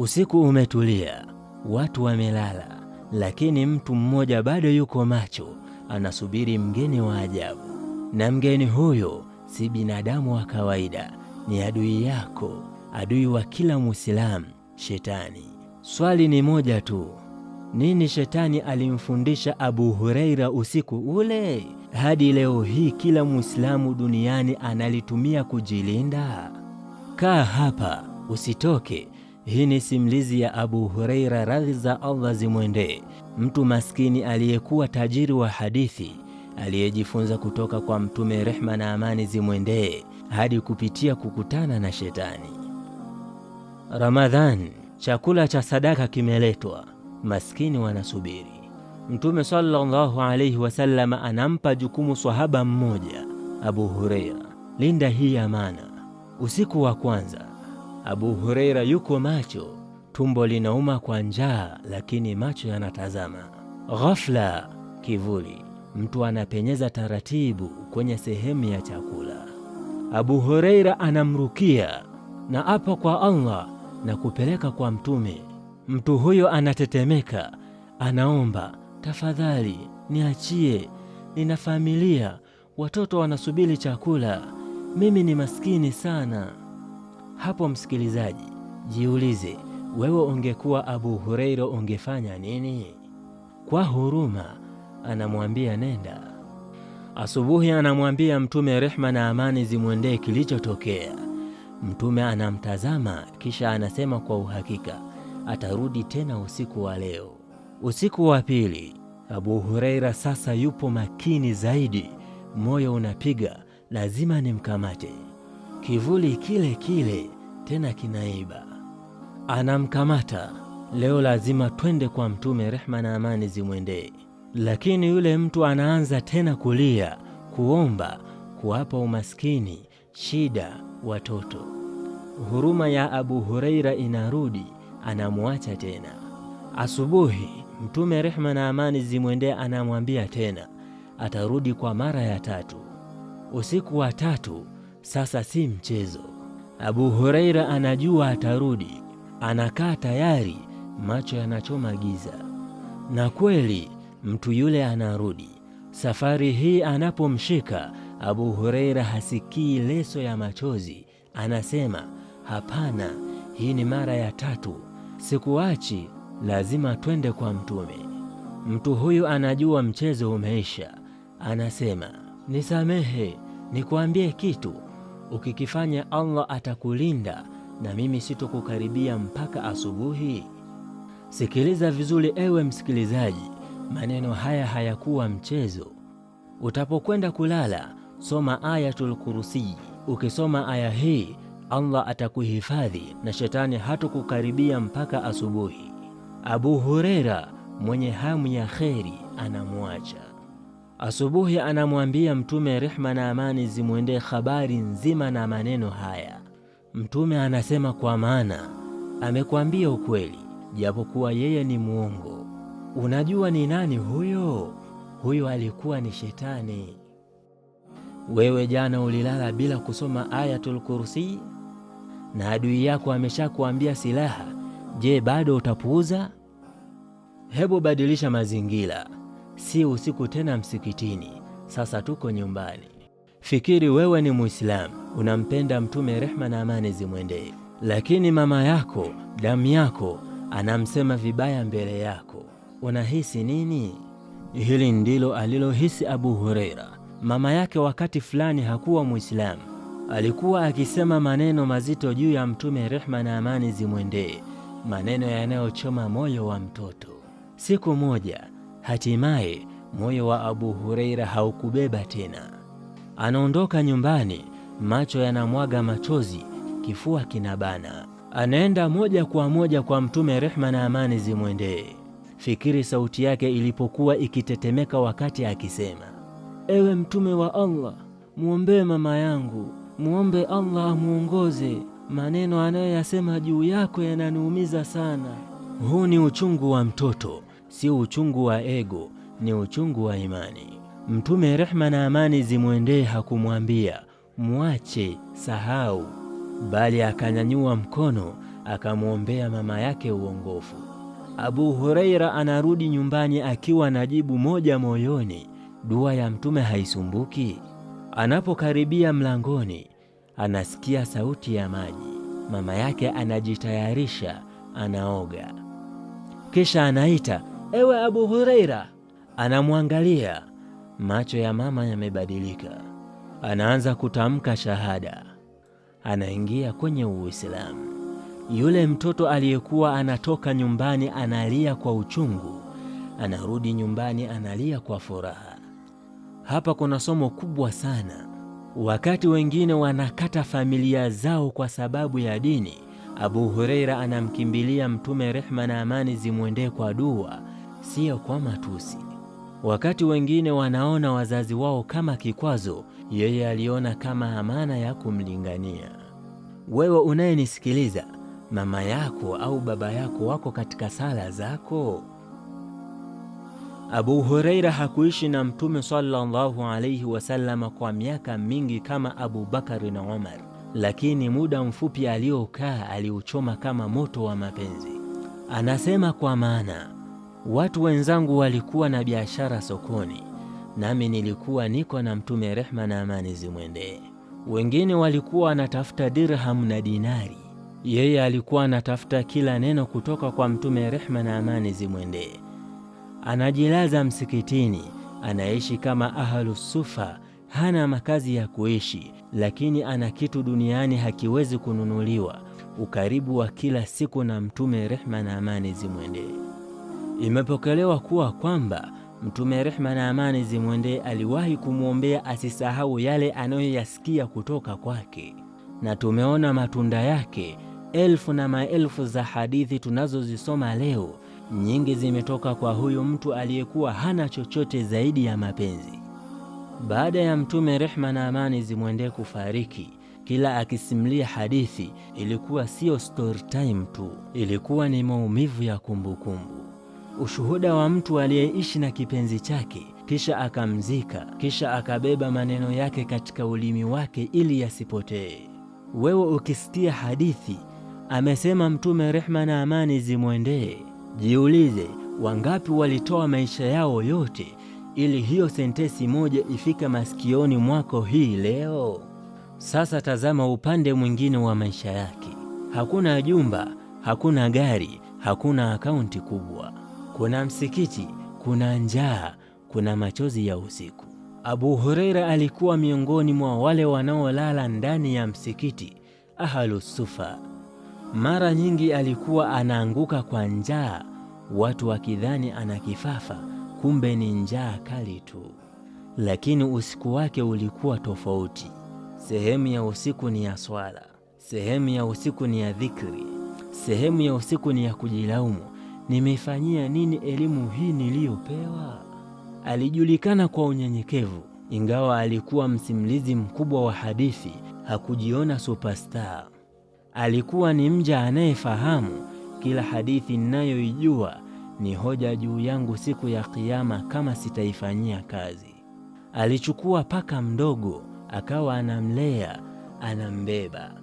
Usiku umetulia, watu wamelala, lakini mtu mmoja bado yuko macho, anasubiri mgeni wa ajabu. Na mgeni huyo si binadamu wa kawaida, ni adui yako, adui wa kila Muislamu, Shetani. Swali ni moja tu, nini shetani alimfundisha Abu Huraira usiku ule hadi leo hii kila Muislamu duniani analitumia kujilinda? Kaa hapa usitoke, hii ni simulizi ya Abu Huraira, radhi za Allah zimwendee, mtu maskini aliyekuwa tajiri wa hadithi aliyejifunza kutoka kwa Mtume, rehma na amani zimwendee, hadi kupitia kukutana na shetani. Ramadhan, chakula cha sadaka kimeletwa, maskini wanasubiri. Mtume sallallahu alayhi wasallam anampa jukumu swahaba mmoja, Abu Huraira, linda hii amana. Usiku wa kwanza Abu Huraira yuko macho, tumbo linauma kwa njaa, lakini macho yanatazama. Ghafla kivuli, mtu anapenyeza taratibu kwenye sehemu ya chakula. Abu Huraira anamrukia na apa kwa Allah na kupeleka kwa Mtume. Mtu huyo anatetemeka, anaomba, tafadhali niachie, nina familia, watoto wanasubiri chakula, mimi ni maskini sana. Hapo msikilizaji, jiulize wewe, ungekuwa Abu Huraira ungefanya nini? Kwa huruma anamwambia nenda. Asubuhi anamwambia Mtume rehma na amani zimwendee kilichotokea. Mtume anamtazama kisha anasema kwa uhakika atarudi tena usiku wa leo. Usiku wa pili, Abu hureira sasa yupo makini zaidi, moyo unapiga, lazima nimkamate. Kivuli kile kile tena kinaiba, anamkamata leo, lazima twende kwa Mtume, rehma na amani zimwendee. Lakini yule mtu anaanza tena kulia, kuomba, kuwapa umaskini, shida, watoto. Huruma ya Abu Huraira inarudi, anamwacha tena. Asubuhi Mtume, rehma na amani zimwendee, anamwambia tena atarudi kwa mara ya tatu. Usiku wa tatu sasa si mchezo. Abu Huraira anajua atarudi, anakaa tayari, macho yanachoma giza. Na kweli mtu yule anarudi. Safari hii anapomshika Abu Huraira hasikii leso ya machozi, anasema hapana, hii ni mara ya tatu, sikuachi, lazima twende kwa Mtume. Mtu huyu anajua mchezo umeisha, anasema nisamehe, nikwambie kitu ukikifanya Allah atakulinda na mimi sitokukaribia mpaka asubuhi. Sikiliza vizuri ewe msikilizaji, maneno haya hayakuwa mchezo. Utapokwenda kulala, soma Ayatul Kursi. Ukisoma aya hii, Allah atakuhifadhi na shetani hatokukaribia mpaka asubuhi. Abu Huraira mwenye hamu ya kheri anamwacha. Asubuhi anamwambia Mtume, rehma na amani zimwendee, habari nzima na maneno haya. Mtume anasema, kwa maana amekwambia ukweli, japokuwa yeye ni mwongo. Unajua ni nani huyo? Huyo alikuwa ni Shetani. Wewe jana ulilala bila kusoma Ayatul Kursi na adui yako ameshakuambia silaha. Je, bado utapuuza? Hebu badilisha mazingira si usiku tena msikitini, sasa tuko nyumbani. Fikiri wewe ni Muislamu, unampenda Mtume, rehma na amani zimwendee, lakini mama yako, damu yako, anamsema vibaya mbele yako, unahisi nini? Hili ndilo alilohisi Abu Huraira. Mama yake wakati fulani hakuwa Muislamu, alikuwa akisema maneno mazito juu ya Mtume, rehma na amani zimwendee, maneno yanayochoma moyo wa mtoto. Siku moja Hatimaye moyo wa Abu Huraira haukubeba tena, anaondoka nyumbani, macho yanamwaga machozi, kifua kinabana, anaenda moja kwa moja kwa Mtume, rehma na amani zimwendee. Fikiri sauti yake ilipokuwa ikitetemeka wakati akisema, ewe Mtume wa Allah, mwombee mama yangu, muombe Allah amwongoze. Maneno anayoyasema juu yako yananiumiza sana. Huu ni uchungu wa mtoto si uchungu wa ego, ni uchungu wa imani. Mtume rehma na amani zimwendee hakumwambia mwache, sahau, bali akanyanyua mkono akamwombea mama yake uongofu. Abu Huraira anarudi nyumbani akiwa na jibu moja moyoni, dua ya mtume haisumbuki. Anapokaribia mlangoni, anasikia sauti ya maji. Mama yake anajitayarisha, anaoga, kisha anaita Ewe Abu Huraira. Anamwangalia, macho ya mama yamebadilika, anaanza kutamka shahada, anaingia kwenye Uislamu. Yule mtoto aliyekuwa anatoka nyumbani analia kwa uchungu, anarudi nyumbani analia kwa furaha. Hapa kuna somo kubwa sana. Wakati wengine wanakata familia zao kwa sababu ya dini, Abu Huraira anamkimbilia Mtume, rehma na amani zimwendee, kwa dua sio kwa matusi. Wakati wengine wanaona wazazi wao kama kikwazo, yeye aliona kama amana ya kumlingania. Wewe unayenisikiliza, mama yako au baba yako wako katika sala zako? Abu Huraira hakuishi na Mtume sallallahu alayhi wasallam kwa miaka mingi kama Abu Bakari na Umar, lakini muda mfupi aliokaa aliuchoma kama moto wa mapenzi. Anasema kwa maana Watu wenzangu walikuwa na biashara sokoni, nami nilikuwa niko na Mtume rehma na amani zimwendee. Wengine walikuwa wanatafuta dirhamu na dinari, yeye alikuwa anatafuta kila neno kutoka kwa Mtume rehma na amani zimwendee. Anajilaza msikitini, anaishi kama ahlusufa, hana makazi ya kuishi, lakini ana kitu duniani hakiwezi kununuliwa, ukaribu wa kila siku na Mtume rehma na amani zimwendee. Imepokelewa kuwa kwamba Mtume rehma na amani zimwendee aliwahi kumwombea asisahau yale anayoyasikia kutoka kwake, na tumeona matunda yake. Elfu na maelfu za hadithi tunazozisoma leo, nyingi zimetoka kwa huyu mtu aliyekuwa hana chochote zaidi ya mapenzi. Baada ya Mtume rehma na amani zimwendee kufariki kila akisimulia hadithi ilikuwa sio story time tu, ilikuwa ni maumivu ya kumbukumbu kumbu ushuhuda wa mtu aliyeishi na kipenzi chake kisha akamzika, kisha akabeba maneno yake katika ulimi wake ili yasipotee. Wewe ukisikia hadithi amesema Mtume, rehma na amani zimwendee, jiulize wangapi walitoa maisha yao yote ili hiyo sentesi moja ifike masikioni mwako hii leo. Sasa tazama upande mwingine wa maisha yake. Hakuna jumba, hakuna gari, hakuna akaunti kubwa kuna msikiti, kuna njaa, kuna machozi ya usiku. Abu Huraira alikuwa miongoni mwa wale wanaolala ndani ya msikiti ahlu Mara nyingi alikuwa anaanguka kwa njaa, watu wakidhani ana kifafa, kumbe ni njaa kali tu. Lakini usiku wake ulikuwa tofauti. Sehemu ya usiku ni ya swala, sehemu ya usiku ni ya dhikri, sehemu ya usiku ni ya kujilaumu nimefanyia nini elimu hii niliyopewa? Alijulikana kwa unyenyekevu, ingawa alikuwa msimulizi mkubwa wa hadithi. Hakujiona superstar, alikuwa ni mja anayefahamu kila hadithi ninayoijua ni hoja juu yangu siku ya Kiyama kama sitaifanyia kazi. Alichukua paka mdogo akawa anamlea, anambeba,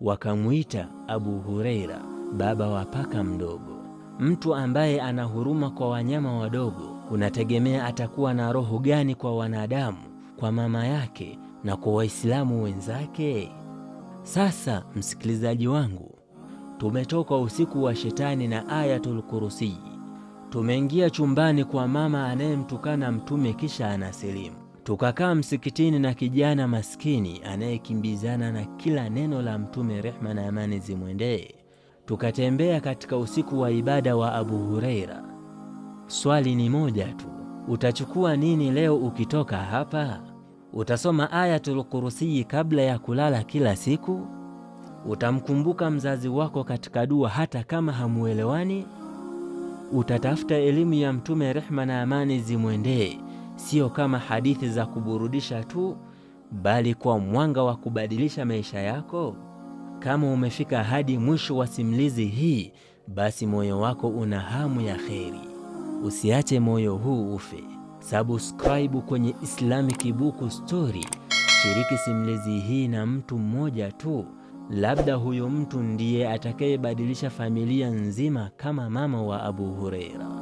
wakamwita Abu Huraira, baba wa paka mdogo. Mtu ambaye ana huruma kwa wanyama wadogo unategemea atakuwa na roho gani kwa wanadamu, kwa mama yake na kwa Waislamu wenzake? Sasa msikilizaji wangu, tumetoka usiku wa shetani na Ayatul Kursi, tumeingia chumbani kwa mama anayemtukana Mtume kisha anasilimu, tukakaa msikitini na kijana maskini anayekimbizana na kila neno la Mtume, rehma na amani zimwendee Tukatembea katika usiku wa ibada wa Abu Huraira. Swali ni moja tu, utachukua nini leo ukitoka hapa? Utasoma Ayatul Kursiyi kabla ya kulala kila siku? Utamkumbuka mzazi wako katika dua hata kama hamuelewani? Utatafuta elimu ya Mtume, rehma na amani zimwendee, sio kama hadithi za kuburudisha tu, bali kwa mwanga wa kubadilisha maisha yako? Kama umefika hadi mwisho wa simulizi hii, basi moyo wako una hamu ya kheri. Usiache moyo huu ufe. Subscribe kwenye Islamic Book Story. Shiriki simulizi hii na mtu mmoja tu, labda huyo mtu ndiye atakayebadilisha familia nzima kama mama wa Abu Hurairah.